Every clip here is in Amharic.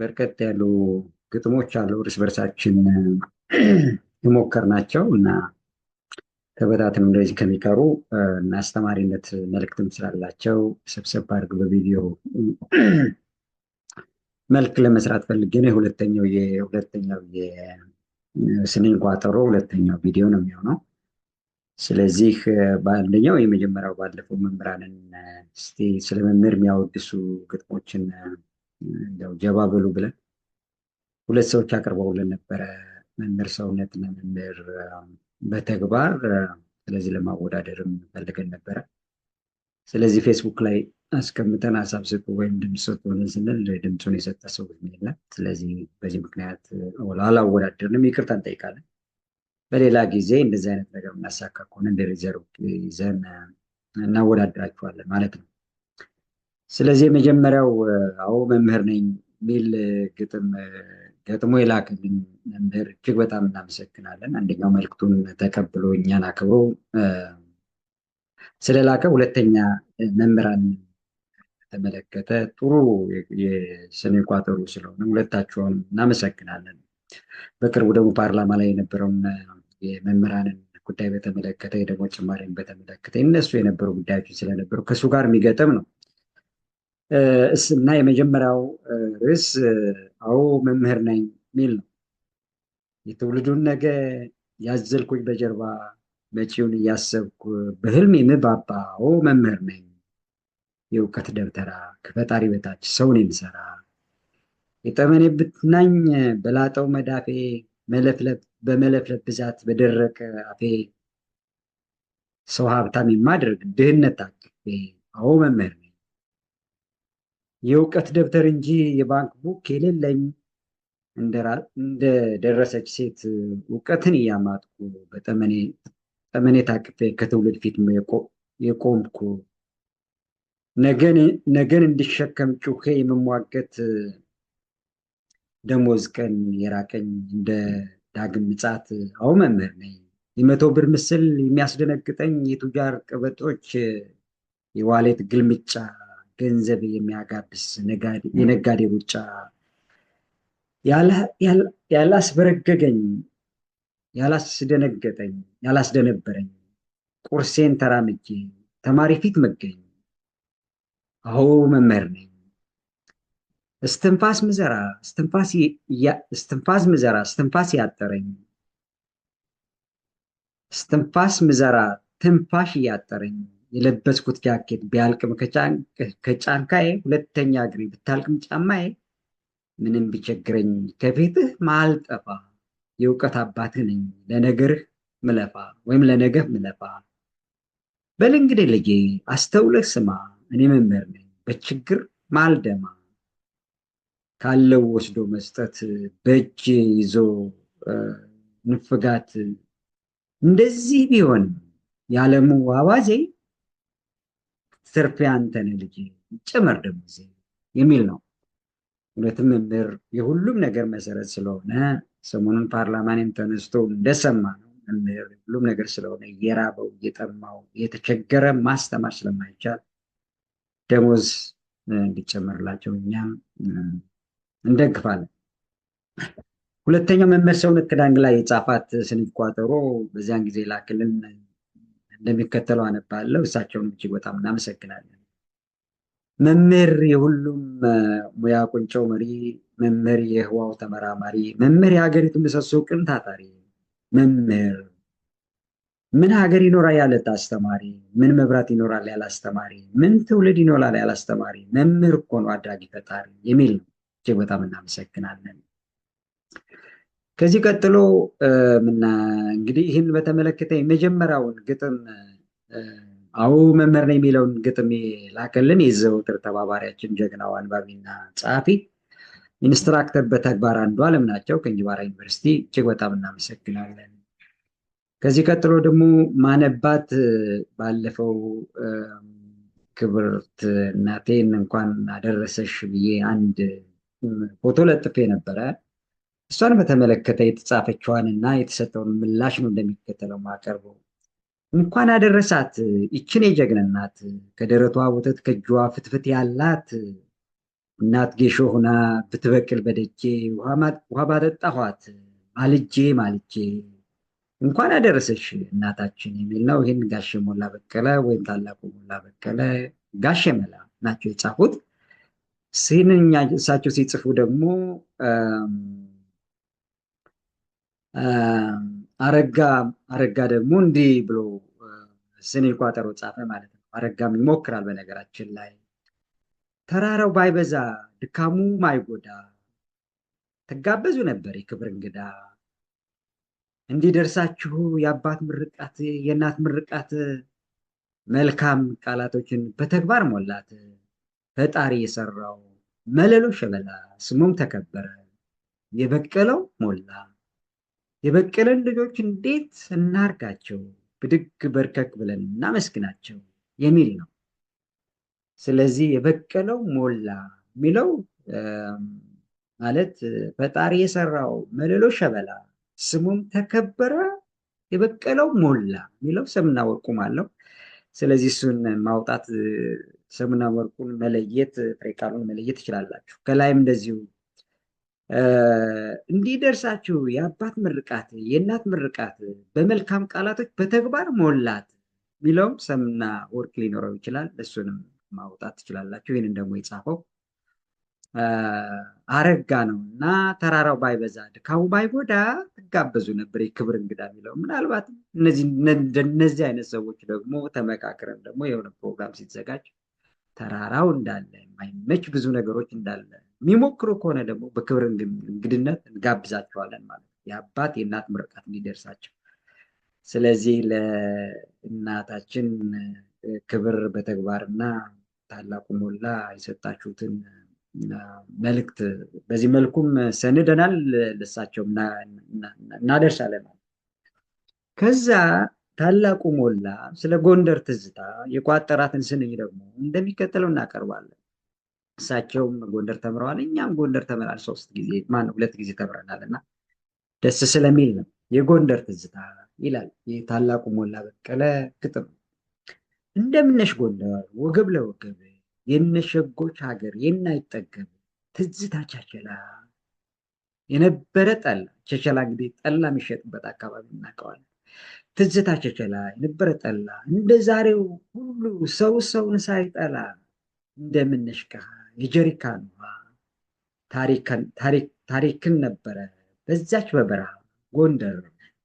በርከት ያሉ ግጥሞች አሉ እርስ በርሳችን የሞከር ናቸው እና ተበታትን እንደዚህ ከሚቀሩ እና አስተማሪነት መልዕክትም ስላላቸው ሰብሰብ አድርግ በቪዲዮ መልክ ለመስራት ፈልጌ ነው። ሁለተኛው የሁለተኛው የስንኝ ቋጠሮ ሁለተኛው ቪዲዮ ነው የሚሆነው። ስለዚህ በአንደኛው የመጀመሪያው ባለፈው መምህራንን ስለ መምህር የሚያወድሱ ግጥሞችን እንደው ጀባ በሉ ብለን ሁለት ሰዎች አቅርበውልን ነበረ፣ መምህር ሰውነት እና መምህር በተግባር ስለዚህ ለማወዳደርም ፈልገን ነበረ። ስለዚህ ፌስቡክ ላይ አስቀምጠን ሀሳብ ስጡ ወይም ድምፅ ሰጡን ስንል ድምፁን የሰጠ ሰው የለም። ስለዚህ በዚህ ምክንያት አላወዳደርንም፣ ይቅርታ እንጠይቃለን። በሌላ ጊዜ እንደዚህ አይነት ነገር የምናሳካ ከሆነ እንደ ሪዘርቭ ይዘን እናወዳድራችኋለን ማለት ነው። ስለዚህ የመጀመሪያው አዎ መምህር ነኝ የሚል ግጥም ገጥሞ የላክልን መምህር እጅግ በጣም እናመሰግናለን። አንደኛው መልክቱን ተቀብሎ እኛን አክብሮ ስለላከ፣ ሁለተኛ መምህራን ተመለከተ ጥሩ የሰኔ ስለሆነ ሁለታችሁን እናመሰግናለን። በቅርቡ ደግሞ ፓርላማ ላይ የነበረውን የመምህራንን ጉዳይ በተመለከተ የደሞዝ ጭማሪን በተመለከተ እነሱ የነበሩ ጉዳዮችን ስለነበሩ ከእሱ ጋር የሚገጥም ነው። እና የመጀመሪያው ርዕስ አዎ መምህር ነኝ የሚል ነው። የትውልዱን ነገ ያዘልኩኝ በጀርባ መጪውን እያሰብኩ በህልም የምባባ አዎ መምህር ነኝ። የእውቀት ደብተራ ከፈጣሪ በታች ሰውን የምሰራ የጠመኔ ብትናኝ በላጠው መዳፌ መለፍለፍ በመለፍለፍ ብዛት በደረቀ አፌ ሰው ሀብታም የማደርግ ድህነት አቅፌ አዎ መምህር የእውቀት ደብተር እንጂ የባንክ ቡክ የሌለኝ እንደደረሰች ሴት እውቀትን እያማጥኩ በጠመኔ ታቅፌ ከትውልድ ፊት የቆምኩ ነገን እንዲሸከም ጩኸ የመሟገት ደሞዝ ቀን የራቀኝ እንደ ዳግም ምጻት አው መምህር ነኝ። የመቶ ብር ምስል የሚያስደነግጠኝ የቱጃር ቅበጦች የዋሌት ግልምጫ ገንዘብ የሚያጋብስ የነጋዴ ሩጫ ያላስበረገገኝ፣ ያላስደነገጠኝ፣ ያላስደነበረኝ ቁርሴን ተራምጄ ተማሪ ፊት መገኝ አሁ መምህር ነኝ እስትንፋስ ምዘራ እስትንፋስ ምዘራ እስትንፋስ ያጠረኝ እስትንፋስ ምዘራ ትንፋሽ እያጠረኝ የለበስኩት ጃኬት ቢያልቅም ከጫንካዬ ሁለተኛ እግሬ ብታልቅም ጫማዬ ምንም ቢቸግረኝ ከፊትህ ማልጠፋ የእውቀት አባትህ ነኝ ለነገርህ ምለፋ ወይም ለነገህ ምለፋ። በል እንግዲህ ልጄ አስተውለህ ስማ፣ እኔ መምህር ነኝ በችግር ማልደማ። ካለው ወስዶ መስጠት በእጅ ይዞ ንፍጋት እንደዚህ ቢሆን የዓለሙ አዋዜ ትርፍ ያንተ ነህ ልጄ ጭምር ደግሞ የሚል ነው። ሁለትም መምህር የሁሉም ነገር መሰረት ስለሆነ ሰሞኑን ፓርላማንም ተነስቶ እንደሰማ ነው መምህር የሁሉም ነገር ስለሆነ እየራበው እየጠማው እየተቸገረ ማስተማር ስለማይቻል ደሞዝ እንዲጨመርላቸው እኛም እንደግፋለን። ሁለተኛው መምህር ሰውነት ክዳንግ ላይ የጻፋት ስንኝ ቋጠሮ በዚያን ጊዜ ላክልን እንደሚከተለው አነባለሁ። እሳቸውን እጅግ በጣም እናመሰግናለን። መምህር የሁሉም ሙያ ቁንጮው መሪ፣ መምህር የህዋው ተመራማሪ፣ መምህር የሀገሪቱ ምሰሶ ቅን ታታሪ፣ መምህር ምን ሀገር ይኖራል ያለት አስተማሪ፣ ምን መብራት ይኖራል ያለ አስተማሪ፣ ምን ትውልድ ይኖራል ያለ አስተማሪ፣ መምህር እኮ ነው አድራጊ ፈጣሪ የሚል ነው። እጅግ በጣም እናመሰግናለን። ከዚህ ቀጥሎ እንግዲህ ይህን በተመለከተ የመጀመሪያውን ግጥም አዎ መምህር ነው የሚለውን ግጥም ላከልን የዘውትር ተባባሪያችን ጀግናው አንባቢና ጸሐፊ ኢንስትራክተር በተግባር አንዱ አለም ናቸው ከእንጅባራ ዩኒቨርሲቲ፣ እጅግ በጣም እናመሰግናለን። ከዚህ ቀጥሎ ደግሞ ማነባት ባለፈው ክብርት እናቴን እንኳን አደረሰሽ ብዬ አንድ ፎቶ ለጥፌ ነበረ። እሷን በተመለከተ የተጻፈችዋንና የተሰጠውን ምላሽ ነው እንደሚከተለው ማቀርበው። እንኳን አደረሳት ይችን የጀግና እናት ከደረቷ ወተት ከእጇ ፍትፍት ያላት እናት ጌሾ ሁና ብትበቅል በደጄ ውሃ ባጠጣኋት ማልጄ ማልጄ እንኳን አደረሰሽ እናታችን የሚል ነው። ይህን ጋሽ ሞላ በቀለ ወይም ታላቁ ሞላ በቀለ ጋሽ መላ ናቸው የጻፉት። ይህንን እሳቸው ሲጽፉ ደግሞ አረጋ አረጋ ደግሞ እንዲህ ብሎ ስኔ ቋጠሮ ጻፈ ማለት ነው። አረጋም ይሞክራል። በነገራችን ላይ ተራራው ባይበዛ ድካሙ ማይጎዳ ትጋበዙ ነበር የክብር እንግዳ እንዲደርሳችሁ የአባት ምርቃት የእናት ምርቃት መልካም ቃላቶችን በተግባር ሞላት ፈጣሪ የሰራው መለሎ ሸበላ ስሙም ተከበረ የበቀለው ሞላ የበቀለን ልጆች እንዴት እናርጋቸው ብድግ በርከክ ብለን እናመስግናቸው የሚል ነው። ስለዚህ የበቀለው ሞላ የሚለው ማለት ፈጣሪ የሰራው መለሎ ሸበላ ስሙም ተከበረ፣ የበቀለው ሞላ የሚለው ሰምና ወርቁም አለው። ስለዚህ እሱን ማውጣት ሰምና ወርቁን መለየት፣ ፍሬቃሉን መለየት ይችላላችሁ ከላይም እንደዚሁ እንዲደርሳችሁ የአባት ምርቃት የእናት ምርቃት በመልካም ቃላቶች በተግባር ሞላት የሚለውም ሰምና ወርቅ ሊኖረው ይችላል። እሱንም ማውጣት ትችላላችሁ። ይህንን ደግሞ የጻፈው አረጋ ነው እና ተራራው ባይበዛ ድካሙ ባይጎዳ ትጋበዙ ነበር የክብር እንግዳ የሚለው ምናልባት እነዚህ አይነት ሰዎች ደግሞ ተመካክረን ደግሞ የሆነ ፕሮግራም ሲዘጋጅ ተራራው እንዳለ የማይመች ብዙ ነገሮች እንዳለ የሚሞክሩ ከሆነ ደግሞ በክብር እንግድነት እንጋብዛቸዋለን ማለት ነው። የአባት የእናት ምርቃት እንዲደርሳቸው። ስለዚህ ለእናታችን ክብር በተግባር እና ታላቁ ሞላ የሰጣችሁትን መልእክት በዚህ መልኩም ሰንደናል፣ ለሳቸው እናደርሳለን ማለት ከዛ ታላቁ ሞላ ስለ ጎንደር ትዝታ የቋጠራትን ስንኝ ደግሞ እንደሚከተለው እናቀርባለን። እሳቸውም ጎንደር ተምረዋል፣ እኛም ጎንደር ተምረናል። ሶስት ጊዜ ማነው ሁለት ጊዜ ተምረናል እና ደስ ስለሚል ነው። የጎንደር ትዝታ ይላል የታላቁ ሞላ በቀለ ግጥም። እንደምነሽ ጎንደር ወገብ ለወገብ የነሸጎች ሀገር የናይጠገብ ትዝታ ቻቸላ የነበረ ጠላ ቸቸላ እንግዲህ ጠላ የሚሸጥበት አካባቢ እናውቀዋለን። ትዝታ ቸቸላ የነበረ ጠላ እንደ ዛሬው ሁሉ ሰው ሰውን ሳይጠላ እንደምነሽ የጀሪካን ውሃ ታሪክን ነበረ በዛች በበረሃ ጎንደር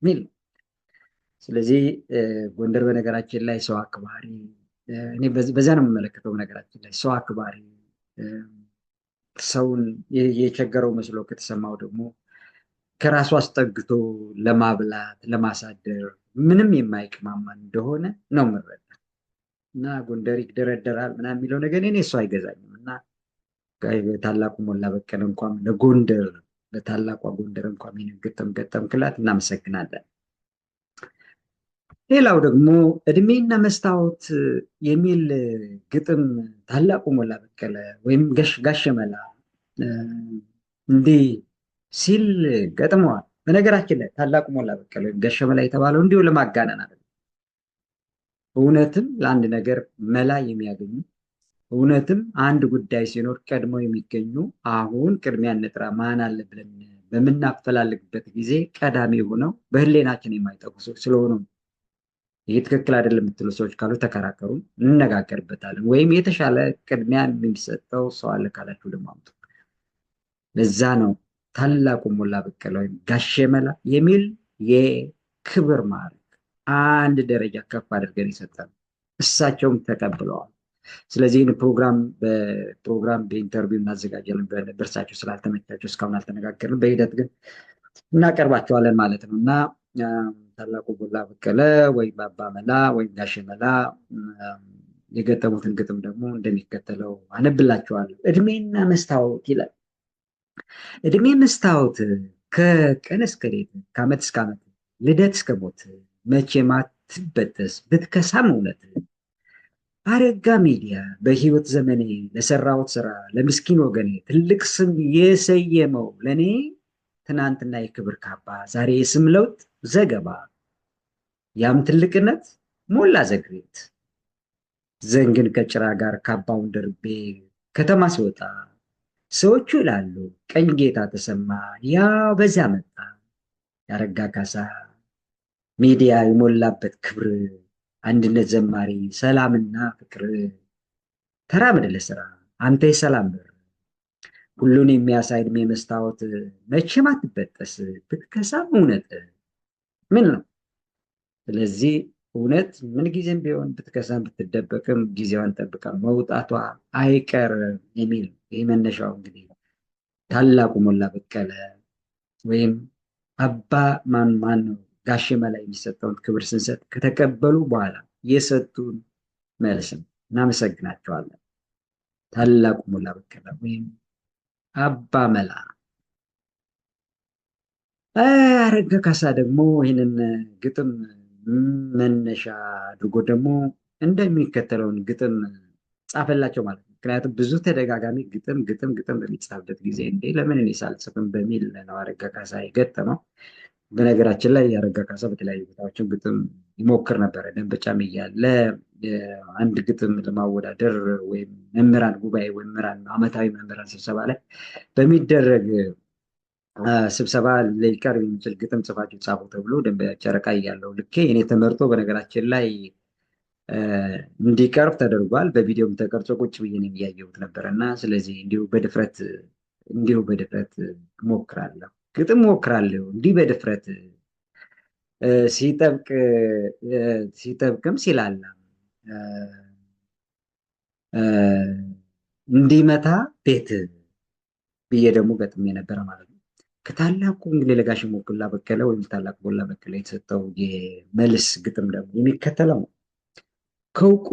ሚል ስለዚህ ጎንደር በነገራችን ላይ ሰው አክባሪ እኔ በዛ ነው የምመለከተው። በነገራችን ላይ ሰው አክባሪ፣ ሰውን የቸገረው መስሎ ከተሰማው ደግሞ ከራሱ አስጠግቶ ለማብላት ለማሳደር ምንም የማይቅማማ እንደሆነ ነው ምረዳ እና ጎንደር ይደረደራል ምና የሚለው ነገር እኔ እሱ አይገዛኝም። ታላቁ ሞላ በቀለ እንኳን ለጎንደር ለታላቋ ጎንደር እንኳን ይህንን ግጥም ገጠም ክላት እናመሰግናለን። ሌላው ደግሞ እድሜና መስታወት የሚል ግጥም ታላቁ ሞላ በቀለ ወይም ጋሸመላ እንዲህ ሲል ገጥመዋል። በነገራችን ላይ ታላቁ ሞላ በቀለ ወይም ጋሸመላ የተባለው እንዲሁ ለማጋነን አይደለም። እውነትም ለአንድ ነገር መላ የሚያገኙ እውነትም አንድ ጉዳይ ሲኖር ቀድመው የሚገኙ አሁን ቅድሚያ እንጥራ ማን አለ ብለን በምናፈላልግበት ጊዜ ቀዳሚ ሆነው በህሌናችን የማይጠቁ ሰዎች ስለሆኑ ይህ ትክክል አይደለም የምትሉ ሰዎች ካሉ ተከራከሩ፣ እንነጋገርበታለን። ወይም የተሻለ ቅድሚያ የሚሰጠው ሰው አለ ካላችሁ ደግሞ አምጡ። ለዛ ነው ታላቁ ሞላ በቀለ ወይም ጋሼ መላ የሚል የክብር ማዕረግ አንድ ደረጃ ከፍ አድርገን የሰጠነው እሳቸውም ተቀብለዋል። ስለዚህ ይህን ፕሮግራም በፕሮግራም በኢንተርቪው እናዘጋጃለን። በእርሳቸው ስላልተመቻቸው እስካሁን አልተነጋገርም። በሂደት ግን እናቀርባቸዋለን ማለት ነው እና ታላቁ ጎላ በቀለ ወይም አባ መላ ወይም ጋሽ መላ የገጠሙትን ግጥም ደግሞ እንደሚከተለው አነብላቸዋለሁ። እድሜና መስታወት ይላል። እድሜ መስታወት ከቀን እስከ ሌት ከአመት እስከ አመት ልደት እስከ ሞት መቼ ማትበጠስ ብትከሳም እውነት አረጋ ሚዲያ በህይወት ዘመኔ ለሰራሁት ስራ ለምስኪን ወገኔ ትልቅ ስም የሰየመው ለእኔ ትናንትና የክብር ካባ ዛሬ የስም ለውጥ ዘገባ ያም ትልቅነት ሞላ ዘግሬት ዘንግን ከጭራ ጋር ካባውን ደርቤ ከተማ ሲወጣ ሰዎቹ ይላሉ ቀኝ ጌታ ተሰማ ያ በዚያ መጣ ያረጋ ካሳ ሚዲያ የሞላበት ክብር አንድነት ዘማሪ፣ ሰላምና ፍቅር ተራምድ ለስራ አንተ የሰላም በር ሁሉን የሚያሳይ እድሜ መስታወት መቼም አትበጠስ ብትከሳም እውነት ምን ነው። ስለዚህ እውነት ምን ጊዜም ቢሆን ብትከሳም ብትደበቅም ጊዜዋን ጠብቃ መውጣቷ አይቀር የሚል ይህ መነሻው እንግዲህ ታላቁ ሞላ በቀለ ወይም አባ ማን ማን ነው ጋሸመ ላይ የሚሰጠውን ክብር ስንሰጥ ከተቀበሉ በኋላ የሰጡን ነው። እናመሰግናቸዋለን። ታላቁ ሙላ በከለ ወይም አባ መላ አረጋ ካሳ ደግሞ ይህንን ግጥም መነሻ አድርጎ ደግሞ እንደሚከተለውን ግጥም ጻፈላቸው ማለት ነው። ምክንያቱም ብዙ ተደጋጋሚ ግጥም ግጥም ግጥም በሚጻፍበት ጊዜ እንዴ ለምን እኔ ሳልጽፍም በሚል ነው አረገ ካሳ የገጠመው። በነገራችን ላይ ያረጋ ካሳ በተለያዩ ቦታዎችን ግጥም ይሞክር ነበረ። ደንበጫም እያለ አንድ ግጥም ለማወዳደር ወይም መምህራን ጉባኤ ወይም መምህራን አመታዊ መምህራን ስብሰባ ላይ በሚደረግ ስብሰባ ሊቀርብ የሚችል ግጥም ጽፋችሁ ጻፉ ተብሎ ጨረቃ እያለው ልኬ እኔ ተመርጦ በነገራችን ላይ እንዲቀርብ ተደርጓል። በቪዲዮም ተቀርጾ ቁጭ ብዬ እያየሁት ነበረ እና ስለዚህ እንዲሁ በድፍረት እንዲሁ በድፍረት እሞክራለሁ። ግጥም ሞክራለሁ እንዲህ በድፍረት ሲጠብቅ ሲጠብቅም ሲላላ እንዲመታ ቤት ብዬ ደግሞ ገጥሜ ነበረ ማለት ነው። ከታላቁ እንግዲህ ለጋሽ ሞላ በቀለ ወይም ታላቁ ሞላ በቀለ የተሰጠው የመልስ ግጥም ደግሞ የሚከተለው ነው። ከእውቁ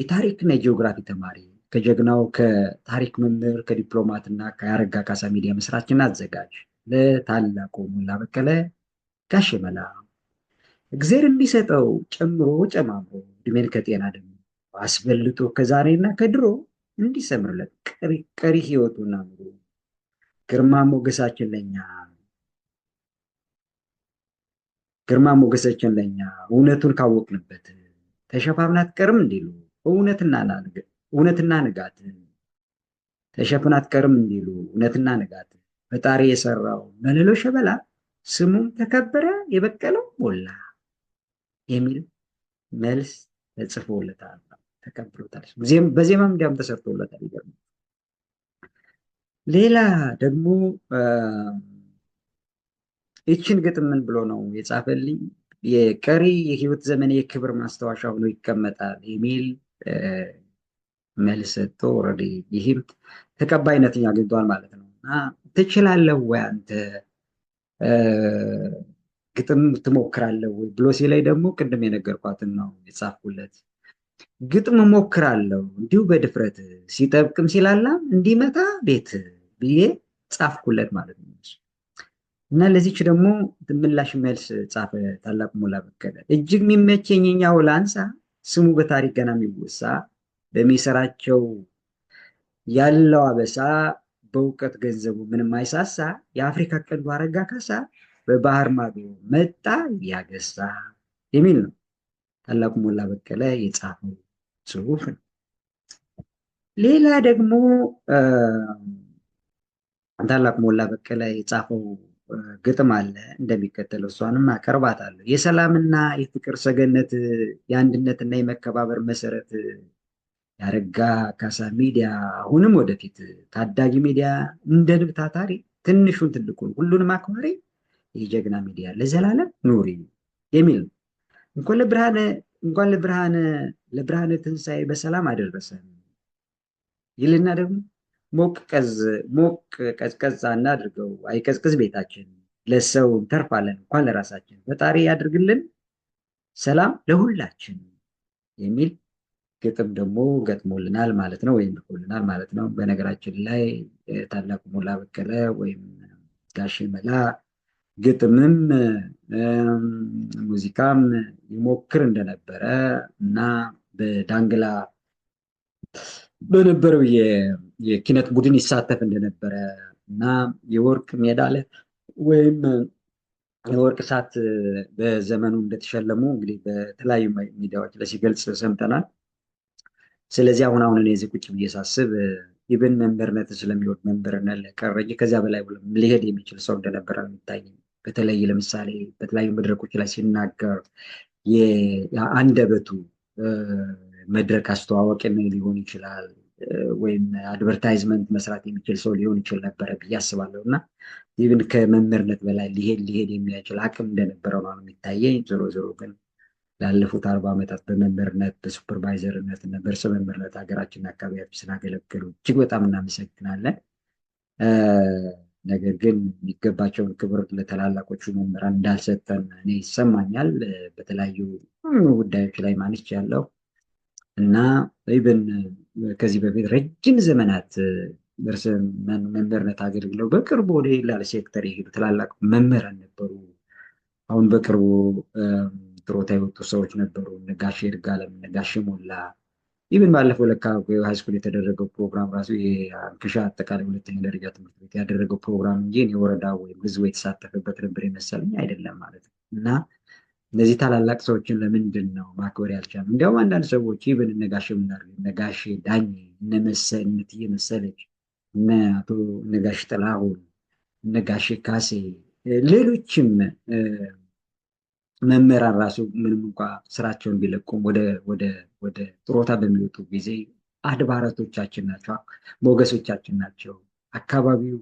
የታሪክና የጂኦግራፊ ተማሪ ከጀግናው ከታሪክ መምህር ከዲፕሎማትና ከአረጋ ካሳ ሚዲያ መስራችና አዘጋጅ ለታላቁ ሞላ በቀለ ጋሽ መላ እግዜር የሚሰጠው ጨምሮ ጨማምሮ ዕድሜን ከጤና ደግሞ አስበልጦ ከዛሬና ከድሮ እንዲሰምርለት ቀሪ ህይወቱና ኑሮ ግርማ ሞገሳችን ለኛ ግርማ ሞገሳችን ለኛ እውነቱን ካወቅንበት ተሸፋፍናት ቀርም እንዲሉ እውነትና ንጋት ተሸፍናት ቀርም እንዲሉ እውነትና ንጋት ፈጣሪ የሰራው በልሎ ሸበላ ስሙም ተከበረ የበቀለው ሞላ የሚል መልስ ተጽፎለታል፣ ተቀብሎታል። በዜማም ተሰርቶለታል። ይገርማል። ሌላ ደግሞ ይችን ግጥም ምን ብሎ ነው የጻፈልኝ? የቀሪ የህይወት ዘመን የክብር ማስታወሻ ሆኖ ይቀመጣል የሚል መልስ ሰጥቶ ወረዴ ይህም ተቀባይነትን አግኝቷል ማለት ነው እና ትችላለህ ወይ አንተ ግጥም ትሞክራለህ ወይ ብሎ ሲላይ ደግሞ ቅድም የነገርኳትን ነው የጻፍኩለት። ግጥም እሞክራለሁ እንዲሁ በድፍረት ሲጠብቅም ሲላላም እንዲመጣ ቤት ብዬ ጻፍኩለት ማለት ነው። እና ለዚች ደግሞ ምላሽ መልስ ጻፈ ታላቁ ሞላ በቀለ። እጅግ የሚመቸኝ የኛ ላንሳ ስሙ በታሪክ ገና የሚወሳ በሚሰራቸው ያለው አበሳ በእውቀት ገንዘቡ ምንም አይሳሳ የአፍሪካ ቀንዱ አረጋ ካሳ በባህር ማዶ መጣ ያገሳ የሚል ነው። ታላቁ ሞላ በቀለ የጻፈው ጽሁፍ ነው። ሌላ ደግሞ ታላቁ ሞላ በቀለ የጻፈው ግጥም አለ እንደሚከተለው፣ እሷንም አቀርባታለሁ። የሰላምና የፍቅር ሰገነት፣ የአንድነትና የመከባበር መሰረት ያረጋ ካሳ ሚዲያ አሁንም ወደፊት ታዳጊ ሚዲያ እንደ ንብ ታታሪ ትንሹን ትልቁን ሁሉንም አክባሪ የጀግና ሚዲያ ለዘላለም ኑሪ የሚል ነው። እንኳን ለብርሃነ እንኳን ለብርሃነ ለብርሃነ ትንሣኤ በሰላም አደረሰን ይልና ደግሞ ሞቅ ቀዝ ሞቅ ቀዝቀዝ እናድርገው፣ አይቀዝቅዝ ቤታችን ለሰው ተርፋለን እንኳን ለራሳችን ፈጣሪ ያድርግልን ሰላም ለሁላችን የሚል ግጥም ደግሞ ገጥሞልናል ማለት ነው ወይም ልኮልናል ማለት ነው። በነገራችን ላይ ታላቁ ሞላ በቀለ ወይም ጋሽ መላ ግጥምም ሙዚቃም ይሞክር እንደነበረ እና በዳንግላ በነበረው የኪነት ቡድን ይሳተፍ እንደነበረ እና የወርቅ ሜዳሊያ ወይም የወርቅ ሰዓት በዘመኑ እንደተሸለሙ እንግዲህ በተለያዩ ሚዲያዎች ላይ ሲገልጽ ሰምተናል። ስለዚህ አሁን አሁን እኔ እዚህ ቁጭ ብዬ ሳስብ ኢቨን መንበርነት ስለሚወድ መምህርነት ቀረኝ ከዚያ በላይ ሊሄድ የሚችል ሰው እንደነበረ የሚታይ በተለይ ለምሳሌ በተለያዩ መድረኮች ላይ ሲናገር የአንደበቱ መድረክ አስተዋወቅ ሊሆን ይችላል ወይም አድቨርታይዝመንት መስራት የሚችል ሰው ሊሆን ይችል ነበረ ብዬ አስባለሁ እና ይህን ከመምህርነት በላይ ሊሄድ ሊሄድ የሚያችል አቅም እንደነበረ ነው የሚታየኝ ዞሮ ዞሮ ግን ላለፉት አርባ ዓመታት በመምህርነት በሱፐርቫይዘርነት እና በእርስ መምህርነት ሀገራችን አካባቢያችን ስላገለገሉ እጅግ በጣም እናመሰግናለን። ነገር ግን የሚገባቸውን ክብር ለተላላቆቹ መምህራን እንዳልሰጠን እኔ ይሰማኛል። በተለያዩ ጉዳዮች ላይ ማንች ያለው እና ይብን ከዚህ በፊት ረጅም ዘመናት እርስ መምህርነት አገልግለው በቅርቡ ወደ ሌላ ሴክተር የሄዱ ትላላቅ መምህራን ነበሩ። አሁን በቅርቡ ትሮታ የወጡ ሰዎች ነበሩ። ነጋሽ ይርጋለም፣ ነጋሽ ሞላ ይብን ባለፈው ለካ ሃይስኩል የተደረገው ፕሮግራም ራሱ ክሻ አጠቃላይ ሁለተኛ ደረጃ ትምህርት ቤት ያደረገው ፕሮግራም እንጂ የወረዳ ወይም ህዝቡ የተሳተፈበት ነበር የመሰለኝ አይደለም ማለት ነው። እና እነዚህ ታላላቅ ሰዎችን ለምንድን ነው ማክበር ያልቻሉ? እንዲያውም አንዳንድ ሰዎች ይብን ነጋሽ ምናር ነጋሽ ዳኝ እነትዬ መሰለች እነ አቶ ነጋሽ ጥላሁን ነጋሽ ካሴ ሌሎችም መምህራን ራሱ ምንም እንኳ ስራቸውን ቢለቁም ወደ ጥሮታ በሚወጡ ጊዜ አድባራቶቻችን ናቸው፣ ሞገሶቻችን ናቸው። አካባቢው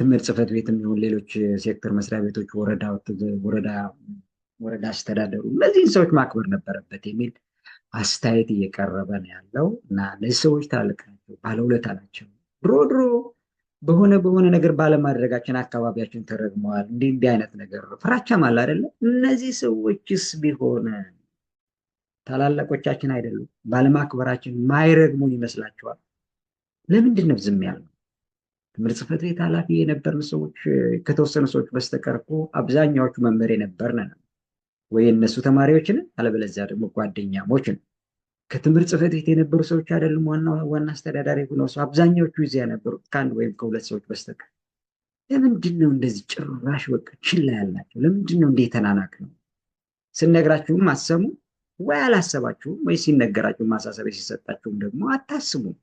ትምህርት ጽህፈት ቤት የሚሆን ሌሎች ሴክተር መስሪያ ቤቶች፣ ወረዳ አስተዳደሩ እነዚህን ሰዎች ማክበር ነበረበት የሚል አስተያየት እየቀረበ ነው ያለው እና እነዚህ ሰዎች ታልቅ ናቸው፣ ባለውለታ ናቸው። ድሮ ድሮ በሆነ በሆነ ነገር ባለማድረጋችን አካባቢያችን ተረግመዋል። እንዲህ እንዲህ አይነት ነገር ፍራቻም አለ አይደለም። እነዚህ ሰዎችስ ቢሆን ታላላቆቻችን አይደሉም? ባለማክበራችን ማይረግሙን ይመስላቸዋል። ለምንድን ነው ዝም ነው? ትምህርት ጽሕፈት ቤት ኃላፊ የነበርን ሰዎች ከተወሰኑ ሰዎች በስተቀር እኮ አብዛኛዎቹ መምህር የነበርን ወይ እነሱ ተማሪዎችን አለበለዚያ ደግሞ ጓደኛሞች ነው። ከትምህርት ጽፈት ቤት የነበሩ ሰዎች አይደሉም ዋና ዋና አስተዳዳሪ ሆነው ሰው አብዛኛዎቹ እዚያ ነበሩ ከአንድ ወይም ከሁለት ሰዎች በስተቀር። ለምንድን ነው እንደዚህ ጭራሽ በቃ ችላ ያላቸው? ለምንድን ነው እንደ ተናናቅ ነው? ስነግራችሁም አሰሙ ወይ አላሰባችሁም፣ ወይ ሲነገራችሁ ማሳሰቢያ ሲሰጣችሁም ደግሞ አታስቡም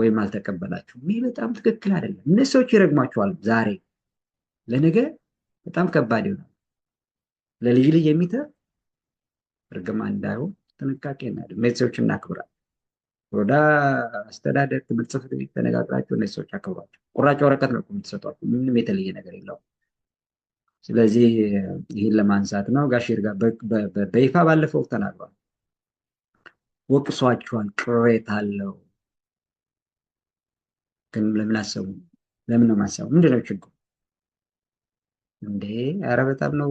ወይም አልተቀበላችሁም። ይህ በጣም ትክክል አይደለም። እነዚህ ሰዎች ይረግማችኋል። ዛሬ ለነገ በጣም ከባድ ይሆናል። ለልጅ ልይ የሚተር እርግማ እንዳይሆን ጥንቃቄ እናያለን። እነዚህ ሰዎች እናክብራል። ወረዳ አስተዳደር፣ ትምህርት ጽሕፈት ቤት ተነጋግራቸው እነዚህ ሰዎች አክብሯቸው። ቁራጭ ወረቀት ነው የምትሰጧቸው። ምንም የተለየ ነገር የለውም። ስለዚህ ይህን ለማንሳት ነው። ጋሽር ይርጋ በይፋ ባለፈው ተናግሯል። ወቅሷቸዋል። ቅሬታ አለው። ግን ለምን አሰቡ? ለምን ነው ማሰቡ? ምንድነው ችግሩ እንዴ? ኧረ በጣም ነው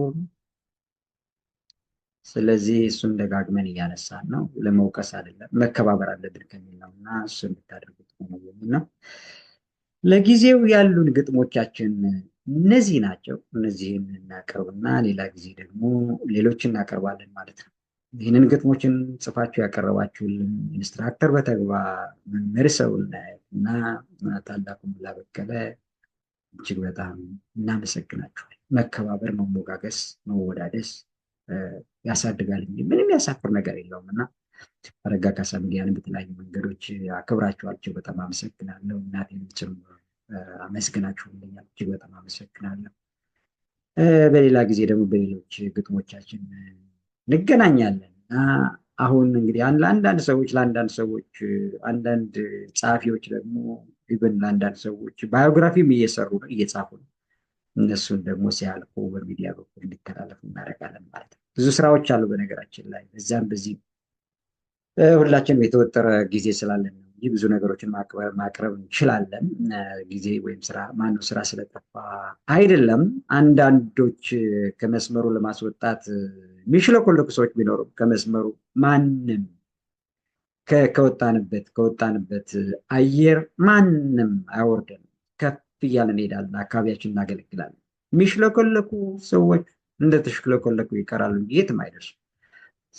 ስለዚህ እሱን ደጋግመን እያነሳን ነው። ለመውቀስ አይደለም፣ መከባበር አለብን ከሚል ነው እና እሱ እንድታደርጉት ነው ነው። ለጊዜው ያሉን ግጥሞቻችን እነዚህ ናቸው። እነዚህን እናቀርብና ሌላ ጊዜ ደግሞ ሌሎች እናቀርባለን ማለት ነው። ይህንን ግጥሞችን ጽፋችሁ ያቀረባችሁልን ኢንስትራክተር በተግባር መምህር ሰውነት እና ታላቁ ሙላ በቀለ እጅግ በጣም እናመሰግናችኋል። መከባበር፣ መሞጋገስ፣ መወዳደስ ያሳድጋል እንጂ ምንም ያሳፍር ነገር የለውም እና አረጋ ካሳ ሚዲያን በተለያዩ መንገዶች አክብራችኋቸው በጣም አመሰግናለሁ። እናቴንም ጭምር አመስግናችሁልኛል። እጅግ በጣም አመሰግናለሁ። በሌላ ጊዜ ደግሞ በሌሎች ግጥሞቻችን እንገናኛለን እና አሁን እንግዲህ ለአንዳንድ ሰዎች ለአንዳንድ ሰዎች አንዳንድ ጸሐፊዎች ደግሞ ኢቨን ለአንዳንድ ሰዎች ባዮግራፊም እየሰሩ ነው እየጻፉ ነው እነሱን ደግሞ ሲያልፉ በሚዲያ በኩል እንዲተላለፉ እናደርጋለን ማለት ነው። ብዙ ስራዎች አሉ በነገራችን ላይ በዛም በዚህ ሁላችንም የተወጠረ ጊዜ ስላለን ነው እንጂ ብዙ ነገሮችን ማቅረብ እንችላለን። ጊዜ ወይም ስራ ማነው ስራ ስለጠፋ አይደለም። አንዳንዶች ከመስመሩ ለማስወጣት የሚሽለኮለኩ ሰዎች ቢኖሩም ከመስመሩ ማንም ከወጣንበት ከወጣንበት አየር ማንም አያወርደንም። ከፍ እያለ እንሄዳለን። አካባቢያችን እናገለግላለን። የሚሽለኮለኩ ሰዎች እንደ እንደተሽለኮለኩ ይቀራሉ፣ የትም አይደርሱ።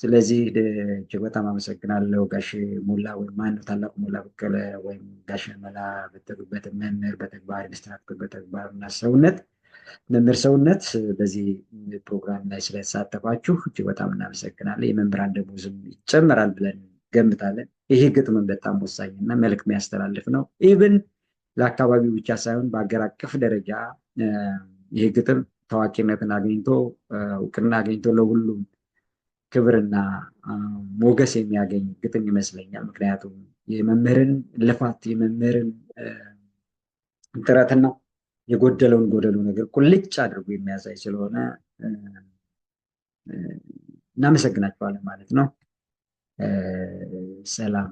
ስለዚህ እጅግ በጣም አመሰግናለሁ ጋሽ ሙላ ወይም ማነው ታላቁ ሙላ በቀለ ወይም ጋሽ መላ በተሩበት መምህር በተግባር ኢንስትራክተር በተግባር እና ሰውነት መምህር ሰውነት በዚህ ፕሮግራም ላይ ስለተሳተፋችሁ እጅግ በጣም እናመሰግናለን። የመምህራን ደሞዝም ይጨምራል ብለን ገምታለን። ይሄ ግጥምን በጣም ወሳኝ እና መልክ የሚያስተላልፍ ነው ኢብን ለአካባቢው ብቻ ሳይሆን በሀገር አቀፍ ደረጃ ይህ ግጥም ታዋቂነትን አግኝቶ እውቅና አግኝቶ ለሁሉም ክብርና ሞገስ የሚያገኝ ግጥም ይመስለኛል። ምክንያቱም የመምህርን ልፋት የመምህርን ጥረትና የጎደለውን ጎደሉ ነገር ቁልጭ አድርጎ የሚያሳይ ስለሆነ እናመሰግናቸዋለን ማለት ነው። ሰላም